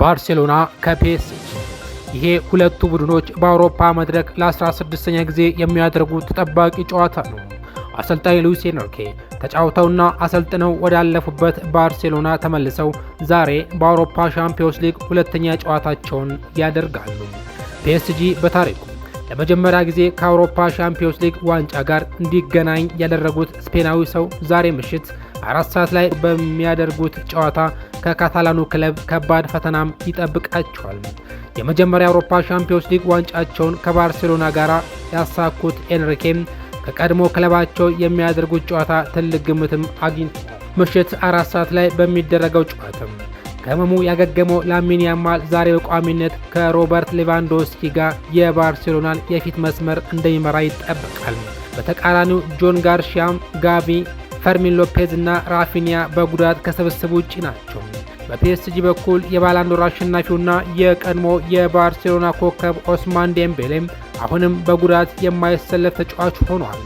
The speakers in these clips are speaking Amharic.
ባርሴሎና ከፔስጂ ይሄ ሁለቱ ቡድኖች በአውሮፓ መድረክ ለ16ኛ ጊዜ የሚያደርጉት ተጠባቂ ጨዋታ ነው። አሰልጣኝ ሉዊስ ኤንሪኬ ተጫውተውና አሰልጥነው ወዳለፉበት ባርሴሎና ተመልሰው ዛሬ በአውሮፓ ሻምፒዮንስ ሊግ ሁለተኛ ጨዋታቸውን ያደርጋሉ። ፒኤስጂ በታሪኩ ለመጀመሪያ ጊዜ ከአውሮፓ ሻምፒዮንስ ሊግ ዋንጫ ጋር እንዲገናኝ ያደረጉት ስፔናዊ ሰው ዛሬ ምሽት አራት ሰዓት ላይ በሚያደርጉት ጨዋታ ከካታላኑ ክለብ ከባድ ፈተናም ይጠብቃቸዋል። የመጀመሪያ አውሮፓ ሻምፒዮንስ ሊግ ዋንጫቸውን ከባርሴሎና ጋር ያሳኩት ኤንሪኬም ከቀድሞ ክለባቸው የሚያደርጉት ጨዋታ ትልቅ ግምትም አግኝቷል። ምሽት አራት ሰዓት ላይ በሚደረገው ጨዋታም ከህመሙ ያገገመው ላሚን ያማል ዛሬ በቋሚነት ከሮበርት ሌቫንዶስኪ ጋር የባርሴሎናን የፊት መስመር እንደሚመራ ይጠበቃል። በተቃራኒው ጆን ጋርሺያም፣ ጋቪ፣ ፈርሚን ሎፔዝ እና ራፊኒያ በጉዳት ከስብስብ ውጪ ናቸው። በፒኤስጂ በኩል የባላንዶር አሸናፊውና የቀድሞ የባርሴሎና ኮከብ ኦስማን ዴምቤሌም አሁንም በጉዳት የማይሰለፍ ተጫዋች ሆኗል።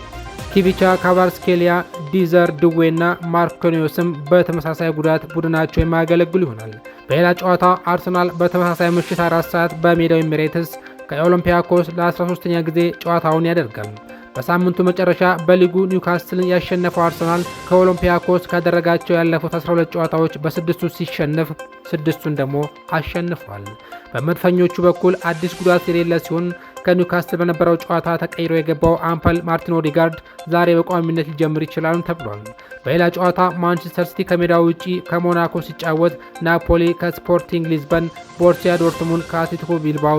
ኪቪቻ፣ ካቫርስኬሊያ፣ ዲዘር ድዌ እና ማርኮኒዮስም በተመሳሳይ ጉዳት ቡድናቸው የማያገለግሉ ይሆናል። በሌላ ጨዋታ አርሰናል በተመሳሳይ ምሽት አራት ሰዓት በሜዳው ኤሚሬትስ ከኦሎምፒያኮስ ለ13ኛ ጊዜ ጨዋታውን ያደርጋል። በሳምንቱ መጨረሻ በሊጉ ኒውካስትልን ያሸነፈው አርሰናል ከኦሎምፒያኮስ ካደረጋቸው ያለፉት 12 ጨዋታዎች በስድስቱ ሲሸነፍ ስድስቱን ደግሞ አሸንፏል። በመድፈኞቹ በኩል አዲስ ጉዳት የሌለ ሲሆን ከኒውካስትል በነበረው ጨዋታ ተቀይሮ የገባው አምፐል ማርቲን ኦዲጋርድ ዛሬ በቋሚነት ሊጀምር ይችላል ተብሏል። በሌላ ጨዋታ ማንቸስተር ሲቲ ከሜዳው ውጪ ከሞናኮ ሲጫወት፣ ናፖሊ ከስፖርቲንግ ሊዝበን፣ ቦርሲያ ዶርትሙንድ ከአትሌቲኮ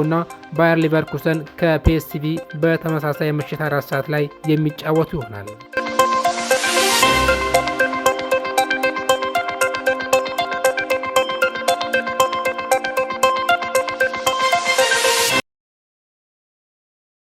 እና ባየር ሊቨርኩሰን ከፒኤስቪ በተመሳሳይ ምሽት አራት ሰዓት ላይ የሚጫወቱ ይሆናል።